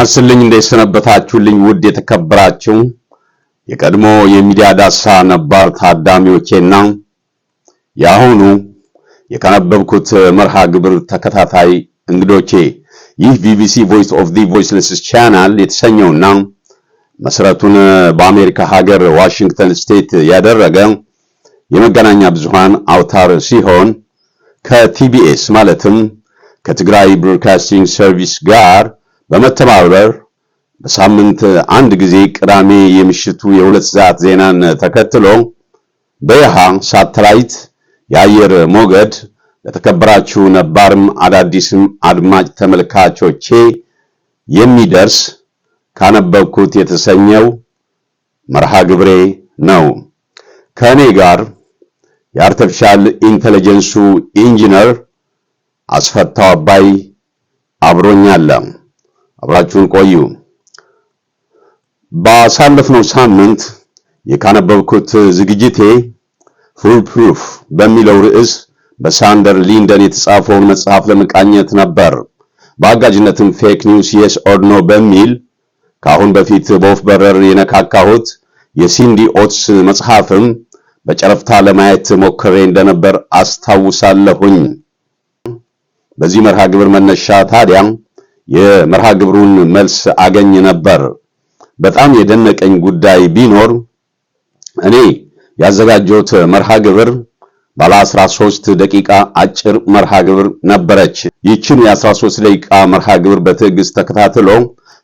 ጤና ይስጥልኝ እንደሰነበታችሁልኝ ውድ የተከበራችሁ የቀድሞ የሚዲያ ዳሳ ነባር ታዳሚዎቼና የአሁኑ የከነበብኩት መርሃ ግብር ተከታታይ እንግዶቼ ይህ ቢቢሲ ቮይስ ኦፍ ዲ ቮይስለስ ቻናል የተሰኘውና መሰረቱን በአሜሪካ ሀገር ዋሽንግተን ስቴት ያደረገ የመገናኛ ብዙሃን አውታር ሲሆን ከቲቢኤስ ማለትም ከትግራይ ብሮድካስቲንግ ሰርቪስ ጋር በመተባበር በሳምንት አንድ ጊዜ ቅዳሜ የምሽቱ የሁለት ሰዓት ዜናን ተከትሎ በይሃ ሳተላይት የአየር ሞገድ ለተከበራችሁ ነባርም አዳዲስም አድማጭ ተመልካቾቼ የሚደርስ ካነበብኩት የተሰኘው መርሃ ግብሬ ነው። ከእኔ ጋር የአርተፊሻል ኢንተለጀንሱ ኢንጂነር አስፈታው አባይ አብሮኛል። አብራችሁን ቆዩ። ባሳለፍነው ሳምንት የካነበብኩት ዝግጅቴ ፉል ፕሩፍ በሚለው ርዕስ በሳንደር ሊንደን የተጻፈውን መጽሐፍ ለመቃኘት ነበር። በአጋጅነትም ፌክ ኒውስ የስ ኦር ኖ በሚል ከአሁን በፊት በወፍ በረር የነካካሁት የሲንዲ ኦትስ መጽሐፍም በጨረፍታ ለማየት ሞክሬ እንደነበር አስታውሳለሁኝ። በዚህ መርሃ ግብር መነሻ ታዲያም የመርሃ ግብሩን መልስ አገኝ ነበር። በጣም የደነቀኝ ጉዳይ ቢኖር እኔ ያዘጋጀሁት መርሃ ግብር ባለ 13 ደቂቃ አጭር መርሃ ግብር ነበረች። ይችን የ13 ደቂቃ መርሃ ግብር በትዕግስት ተከታትሎ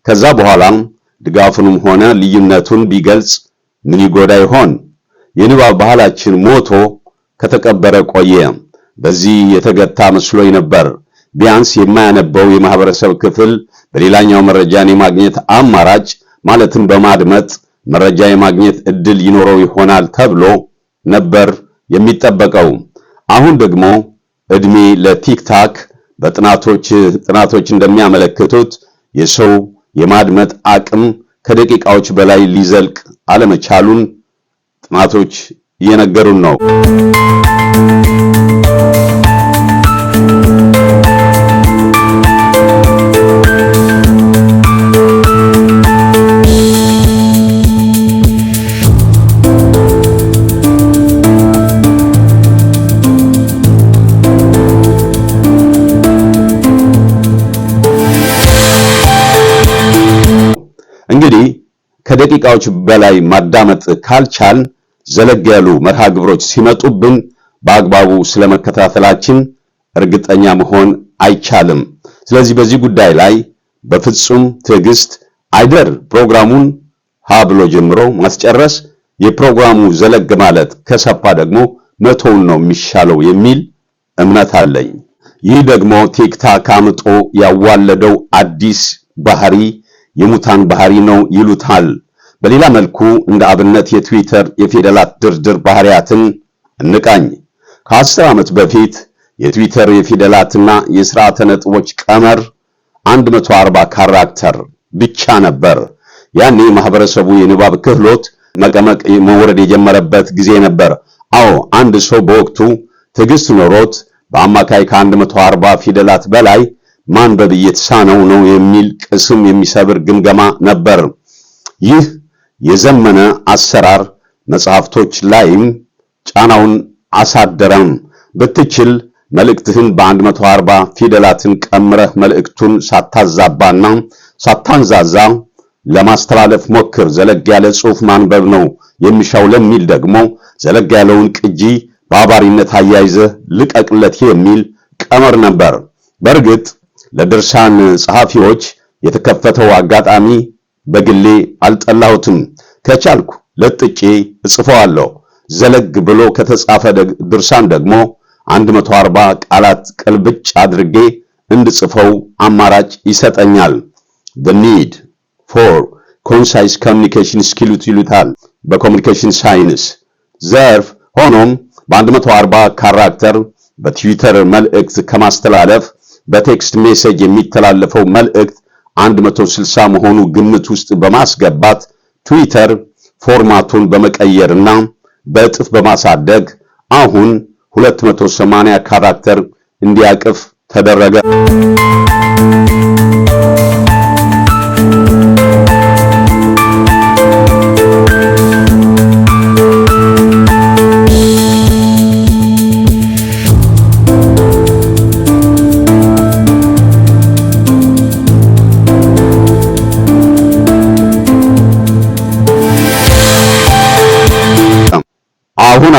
ከዛ በኋላ ድጋፉንም ሆነ ልዩነቱን ቢገልጽ ምን ይጎዳ ይሆን? የንባብ ባህላችን ሞቶ ከተቀበረ ቆየ። በዚህ የተገታ መስሎኝ ነበር። ቢያንስ የማያነበው የማህበረሰብ ክፍል በሌላኛው መረጃን የማግኘት አማራጭ ማለትም በማድመጥ መረጃ የማግኘት እድል ይኖረው ይሆናል ተብሎ ነበር የሚጠበቀው። አሁን ደግሞ እድሜ ለቲክታክ በጥናቶች ጥናቶች እንደሚያመለክቱት የሰው የማድመጥ አቅም ከደቂቃዎች በላይ ሊዘልቅ አለመቻሉን ጥናቶች እየነገሩን ነው። ከደቂቃዎች በላይ ማዳመጥ ካልቻል ዘለግ ያሉ መርሃ ግብሮች ሲመጡብን በአግባቡ ስለመከታተላችን እርግጠኛ መሆን አይቻልም። ስለዚህ በዚህ ጉዳይ ላይ በፍጹም ትዕግስት አይደር ፕሮግራሙን ሀ ብሎ ጀምሮ ማስጨረስ የፕሮግራሙ ዘለግ ማለት ከሰፋ ደግሞ መቶውን ነው የሚሻለው የሚል እምነት አለኝ። ይህ ደግሞ ቲክታክ አምጦ ያዋለደው አዲስ ባህሪ የሙታን ባህሪ ነው ይሉታል። በሌላ መልኩ እንደ አብነት የትዊተር የፊደላት ድርድር ባህሪያትን እንቃኝ። ከአስር ዓመት በፊት የትዊተር የፊደላትና የሥርዓተ ነጥቦች ቀመር 140 ካራክተር ብቻ ነበር። ያኔ ማህበረሰቡ የንባብ ክህሎት መቀመቅ መውረድ የጀመረበት ጊዜ ነበር። አዎ አንድ ሰው በወቅቱ ትዕግስት ኖሮት በአማካይ ከ140 ፊደላት በላይ ማንበብ እየተሳነው ነው የሚል ቅስም የሚሰብር ግምገማ ነበር። ይህ የዘመነ አሰራር መጽሐፍቶች ላይም ጫናውን አሳደረም። ብትችል መልእክትህን በ140 ፊደላትን ቀምረህ መልእክቱን ሳታዛባና ሳታንዛዛ ለማስተላለፍ ሞክር። ዘለግ ያለ ጽሑፍ ማንበብ ነው የሚሻው ለሚል ደግሞ ዘለግ ያለውን ቅጂ በአባሪነት አያይዘህ ልቀቅለት የሚል ቀመር ነበር። በእርግጥ ለድርሳን ጸሐፊዎች የተከፈተው አጋጣሚ በግሌ አልጠላሁትም። ከቻልኩ ለጥጬ እጽፈዋለሁ። ዘለግ ብሎ ከተጻፈ ድርሳን ደግሞ 140 ቃላት ቅልብጭ አድርጌ እንድጽፈው አማራጭ ይሰጠኛል። the need for ኮንሳይስ ኮሚኒኬሽን ስኪሉት ይሉታል በኮሚኒኬሽን ሳይንስ ዘርፍ። ሆኖም በ140 ካራክተር በትዊተር መልእክት ከማስተላለፍ በቴክስት ሜሴጅ የሚተላለፈው መልእክት 160 መሆኑ ግምት ውስጥ በማስገባት ትዊተር ፎርማቱን በመቀየርና በእጥፍ በማሳደግ አሁን 280 ካራክተር እንዲያቅፍ ተደረገ።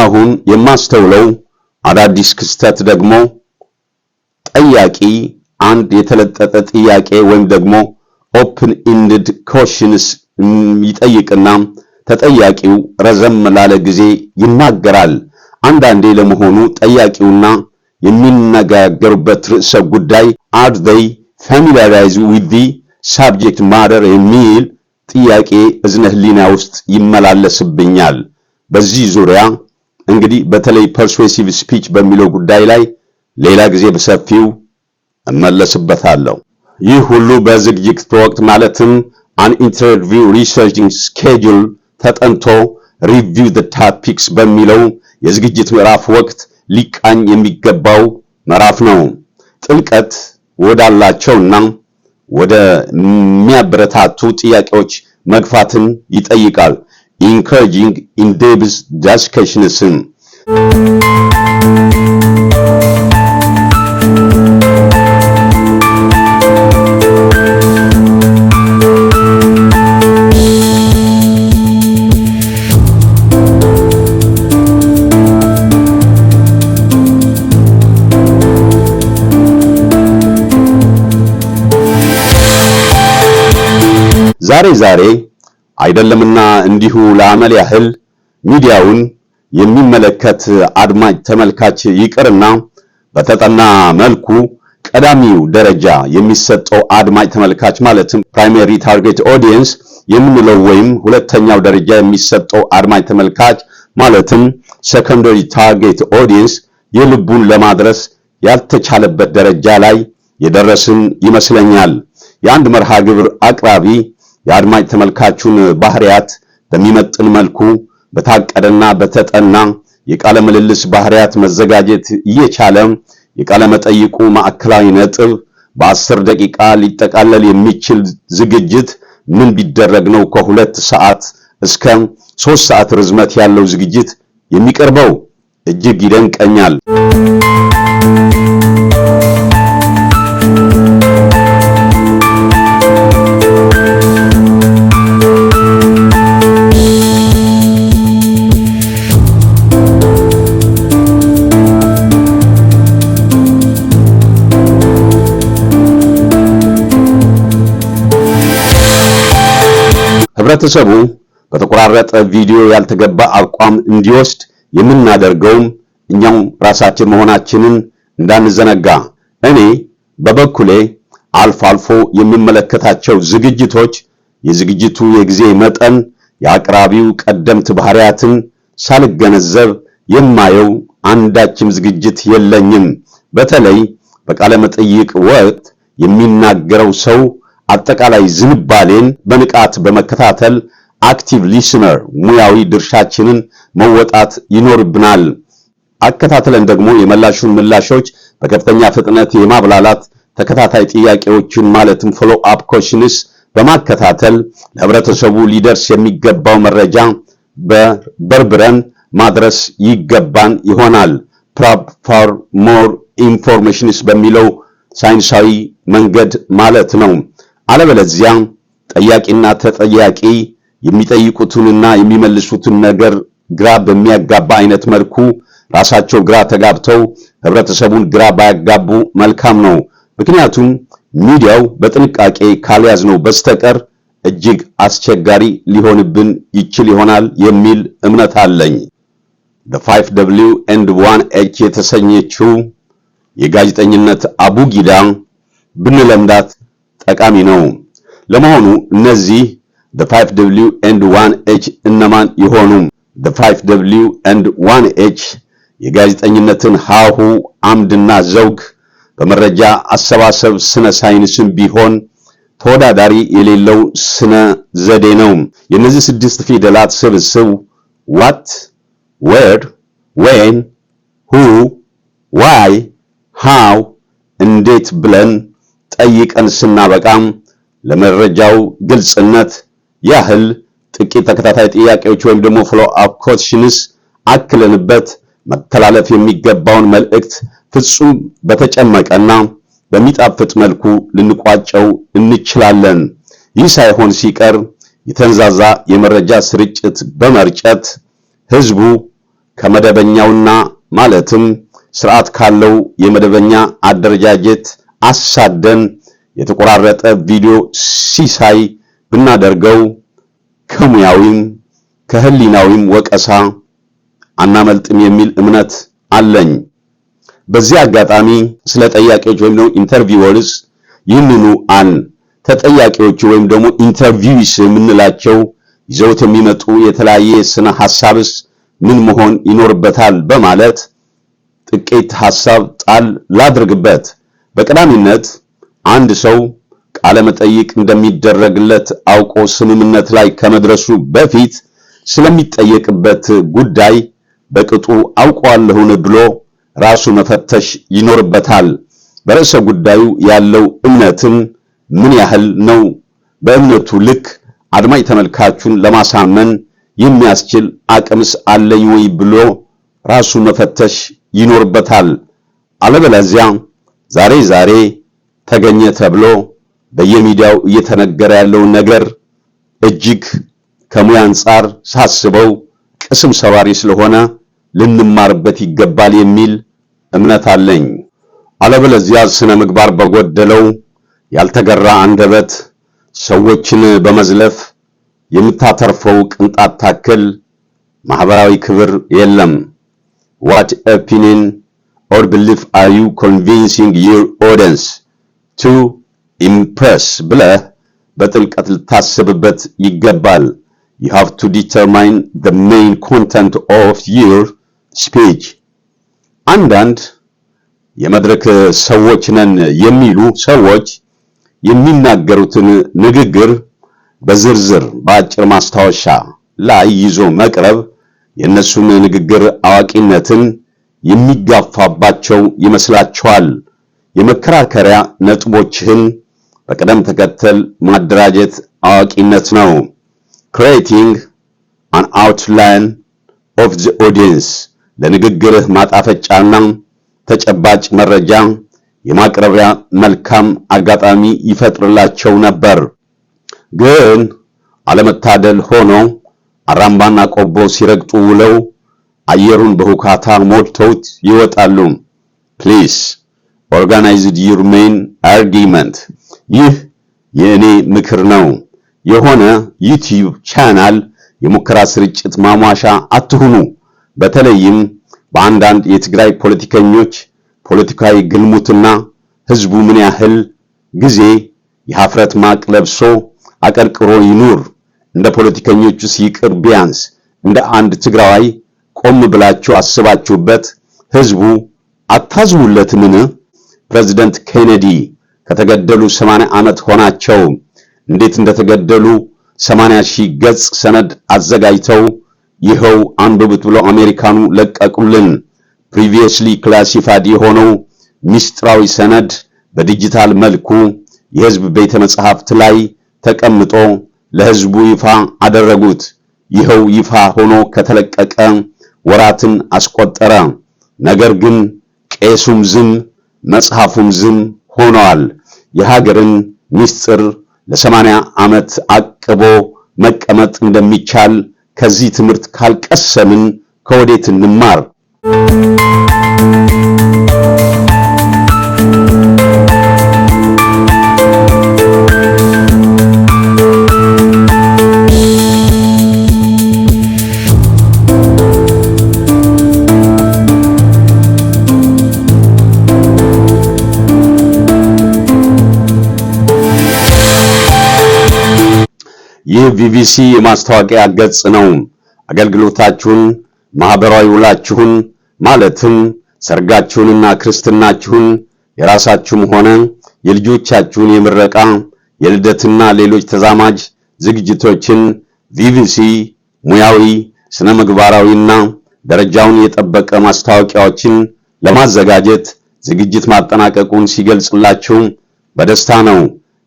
አሁን የማስተውለው አዳዲስ ክስተት ደግሞ ጠያቂ አንድ የተለጠጠ ጥያቄ ወይም ደግሞ ኦፕን ኢንድድ ኮሽንስ ይጠይቅና ተጠያቂው ረዘም ላለ ጊዜ ይናገራል። አንዳንዴ ለመሆኑ ጠያቂውና የሚነጋገሩበት ርዕሰ ጉዳይ አድ ዘይ ፋሚሊያራይዝ ዊዝ ዲ ሳብጀክት ማደር የሚል ጥያቄ እዝነ ህሊና ውስጥ ይመላለስብኛል። በዚህ ዙሪያ እንግዲህ በተለይ ፐርስዌሲቭ ስፒች በሚለው ጉዳይ ላይ ሌላ ጊዜ በሰፊው እመለስበታለሁ። ይህ ሁሉ በዝግጅት ወቅት ማለትም አን ኢንተርቪው ሪሰርችንግ ስኬጁል ተጠንቶ ሪቪው ዘ ታፒክስ በሚለው የዝግጅት ምዕራፍ ወቅት ሊቃኝ የሚገባው ምዕራፍ ነው። ጥልቀት ወዳላቸውና ወደሚያበረታቱ ጥያቄዎች መግፋትን ይጠይቃል። encouraging endeavors just catching a sin. ዛሬ ዛሬ አይደለምና እንዲሁ ለአመል ያህል ሚዲያውን የሚመለከት አድማጭ ተመልካች ይቅርና በተጠና መልኩ ቀዳሚው ደረጃ የሚሰጠው አድማጭ ተመልካች ማለትም ፕራይመሪ ታርጌት ኦዲየንስ የምንለው ወይም ሁለተኛው ደረጃ የሚሰጠው አድማጭ ተመልካች ማለትም ሰከንደሪ ታርጌት ኦዲየንስ የልቡን ለማድረስ ያልተቻለበት ደረጃ ላይ የደረስን ይመስለኛል። የአንድ መርሃ ግብር አቅራቢ የአድማጭ ተመልካቹን ባህሪያት በሚመጥን መልኩ በታቀደና በተጠና የቃለ ምልልስ ባህሪያት መዘጋጀት እየቻለ የቃለ መጠይቁ ማዕከላዊ ነጥብ በአስር ደቂቃ ሊጠቃለል የሚችል ዝግጅት ምን ቢደረግ ነው ከሁለት ሰዓት እስከ ሶስት ሰዓት ርዝመት ያለው ዝግጅት የሚቀርበው? እጅግ ይደንቀኛል። ህብረተሰቡ በተቆራረጠ ቪዲዮ ያልተገባ አቋም እንዲወስድ የምናደርገውም እኛው ራሳችን መሆናችንን እንዳንዘነጋ። እኔ በበኩሌ አልፎ አልፎ የሚመለከታቸው ዝግጅቶች የዝግጅቱ የጊዜ መጠን የአቅራቢው ቀደምት ባህሪያትን ሳልገነዘብ የማየው አንዳችም ዝግጅት የለኝም። በተለይ በቃለ መጠይቅ ወቅት የሚናገረው ሰው አጠቃላይ ዝንባሌን በንቃት በመከታተል አክቲቭ ሊስነር ሙያዊ ድርሻችንን መወጣት ይኖርብናል። አከታተለን ደግሞ የመላሹን ምላሾች በከፍተኛ ፍጥነት የማብላላት ተከታታይ ጥያቄዎችን ማለትም ፎሎ አፕ ኮሽንስ በማከታተል ለህብረተሰቡ ሊደርስ የሚገባው መረጃ በበርብረን ማድረስ ይገባን ይሆናል። ፕራፕ ፎር ሞር ኢንፎርሜሽንስ በሚለው ሳይንሳዊ መንገድ ማለት ነው። አለበለዚያ ጠያቂና ተጠያቂ የሚጠይቁትንና የሚመልሱትን ነገር ግራ በሚያጋባ አይነት መልኩ ራሳቸው ግራ ተጋብተው ህብረተሰቡን ግራ ባያጋቡ መልካም ነው። ምክንያቱም ሚዲያው በጥንቃቄ ካልያዝነው በስተቀር እጅግ አስቸጋሪ ሊሆንብን ይችል ይሆናል የሚል እምነት አለኝ። ፋይቭ ደብሊው ኤንድ ኤች የተሰኘችው የጋዜጠኝነት አቡጊዳ ብንለምዳት ጠቃሚ ነው። ለመሆኑ እነዚህ the 5w and 1h እነማን ይሆኑ? the 5w and 1h የጋዜጠኝነትን ሀሁ አምድና ዘውግ በመረጃ አሰባሰብ ስነ ሳይንስም ቢሆን ተወዳዳሪ የሌለው ስነ ዘዴ ነው። የእነዚህ ስድስት ፊደላት ስብስብ what where when who why how እንዴት ብለን ጠይቀን ስናበቃም ለመረጃው ግልጽነት ያህል ጥቂት ተከታታይ ጥያቄዎች ወይም ደግሞ ፎሎ አፕ ኮሽንስ አክለንበት መተላለፍ የሚገባውን መልእክት ፍጹም በተጨመቀና በሚጣፍጥ መልኩ ልንቋጨው እንችላለን። ይህ ሳይሆን ሲቀር የተንዛዛ የመረጃ ስርጭት በመርጨት ህዝቡ ከመደበኛውና ማለትም ስርዓት ካለው የመደበኛ አደረጃጀት አሳደን የተቆራረጠ ቪዲዮ ሲሳይ ብናደርገው ከሙያዊም ከህሊናዊም ወቀሳ አናመልጥም የሚል እምነት አለኝ። በዚህ አጋጣሚ ስለ ጠያቂዎች ወይም ደግሞ ኢንተርቪወርስ ይህንኑ አን ተጠያቂዎቹ ወይም ደግሞ ኢንተርቪውስ የምንላቸው ይዘውት የሚመጡ የተለያየ ስነ ሐሳብስ ምን መሆን ይኖርበታል በማለት ጥቂት ሐሳብ ጣል ላድርግበት። በቀዳሚነት አንድ ሰው ቃለ መጠይቅ እንደሚደረግለት አውቆ ስምምነት ላይ ከመድረሱ በፊት ስለሚጠየቅበት ጉዳይ በቅጡ አውቀዋለሁን ብሎ ራሱ መፈተሽ ይኖርበታል። በርዕሰ ጉዳዩ ያለው እምነትም ምን ያህል ነው? በእምነቱ ልክ አድማጭ ተመልካቹን ለማሳመን የሚያስችል አቅምስ አለኝ ወይ ብሎ ራሱ መፈተሽ ይኖርበታል። አለበለዚያ ዛሬ ዛሬ ተገኘ ተብሎ በየሚዲያው እየተነገረ ያለውን ነገር እጅግ ከሙያ አንጻር ሳስበው ቅስም ሰባሪ ስለሆነ ልንማርበት ይገባል የሚል እምነት አለኝ። አለበለዚያ ስነ ምግባር በጎደለው ያልተገራ አንደበት ሰዎችን በመዝለፍ የምታተርፈው ቅንጣት ታክል ማህበራዊ ክብር የለም። ዋት ኦፒኒን or belief are you convincing your audience to impress ብለህ በጥልቀት ልታስብበት ይገባል። you have to determine the main content of your speech። አንዳንድ የመድረክ ሰዎች ነን የሚሉ ሰዎች የሚናገሩትን ንግግር በዝርዝር በአጭር ማስታወሻ ላይ ይዞ መቅረብ የእነሱን ንግግር አዋቂነትን የሚጋፋባቸው ይመስላቸዋል። የመከራከሪያ ነጥቦችህን በቅደም ተከተል ማደራጀት አዋቂነት ነው። ክሬቲንግ አን አውትላይን ኦፍ ዘ ኦዲየንስ ለንግግርህ ማጣፈጫና ተጨባጭ መረጃ የማቅረቢያ መልካም አጋጣሚ ይፈጥርላቸው ነበር። ግን አለመታደል ሆኖ አራምባና ቆቦ ሲረግጡ ውለው አየሩን በሁካታ ሞልተውት ይወጣሉ። ፕሊስ ኦርጋናይዝድ ዩር ሜን አርጊመንት። ይህ የእኔ ምክር ነው። የሆነ ዩቲዩብ ቻናል የሙከራ ስርጭት ማሟሻ አትሁኑ። በተለይም በአንዳንድ የትግራይ ፖለቲከኞች ፖለቲካዊ ግልሙትና ህዝቡ ምን ያህል ጊዜ የሀፍረት ማቅ ለብሶ አቀርቅሮ ይኑር። እንደ ፖለቲከኞቹስ ይቅር ቢያንስ እንደ አንድ ትግራዋይ ቆም ብላችሁ አስባችሁበት ህዝቡ ምን ፕሬዚደንት ኬኔዲ ከተገደሉ 80 ዓመት ሆናቸው። እንዴት እንደተገደሉ 80 ሺህ ገጽ ሰነድ አዘጋጅተው ይኸው አንብብት ብሎ አሜሪካኑ ለቀቁልን። ፕሪቪየስሊ ክላሲፋይድ የሆነው ሚስጥራዊ ሰነድ በዲጂታል መልኩ የህዝብ ቤተ መጻሕፍት ላይ ተቀምጦ ለህዝቡ ይፋ አደረጉት። ይኸው ይፋ ሆኖ ከተለቀቀ ወራትን አስቆጠረ። ነገር ግን ቄሱም ዝም መጽሐፉም ዝም ሆነዋል። የሀገርን ምስጢር ለሰማንያ ዓመት አቅቦ መቀመጥ እንደሚቻል ከዚህ ትምህርት ካልቀሰምን ከወዴት እንማር? ይህ ቢቢሲ የማስታወቂያ ገጽ ነው። አገልግሎታችሁን፣ ማህበራዊ ውላችሁን ማለትም ሰርጋችሁንና ክርስትናችሁን የራሳችሁም ሆነ የልጆቻችሁን የምረቃ የልደትና ሌሎች ተዛማጅ ዝግጅቶችን ቪቪሲ ሙያዊ ስነ ምግባራዊና ደረጃውን የጠበቀ ማስታወቂያዎችን ለማዘጋጀት ዝግጅት ማጠናቀቁን ሲገልጽላችሁ በደስታ ነው።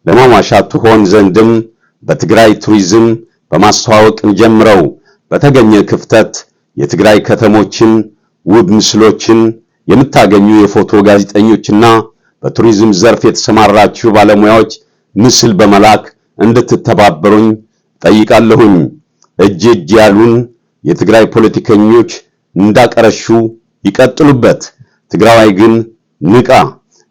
ለማሟሻት ትሆን ዘንድም በትግራይ ቱሪዝም በማስተዋወቅ ጀምረው በተገኘ ክፍተት የትግራይ ከተሞችን ውብ ምስሎችን የምታገኙ የፎቶ ጋዜጠኞችና በቱሪዝም ዘርፍ የተሰማራችሁ ባለሙያዎች ምስል በመላክ እንድትተባበሩኝ ጠይቃለሁኝ። እጅ እጅ ያሉን የትግራይ ፖለቲከኞች እንዳቀረሹ ይቀጥሉበት። ትግራዋይ ግን ንቃ።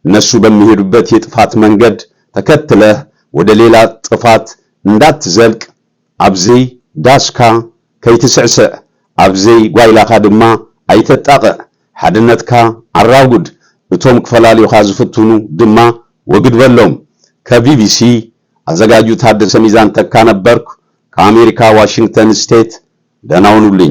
እነሱ በሚሄዱበት የጥፋት መንገድ ተከትለህ ወደ ሌላ ጥፋት እንዳትዘልቅ ኣብዚ ዳስካ ከይትስዕስዕ ኣብዚ ጓይላኻ ድማ ኣይተጣቕዕ ሓድነትካ ኣራውድ እቶም ክፈላልዩኻ ዝፍትኑ ድማ ወግድ በሎም ከቢቢሲ አዘጋጁ ታደሰ ሚዛን ተካ ነበርኩ ከአሜሪካ ዋሽንግተን ስቴት ደህና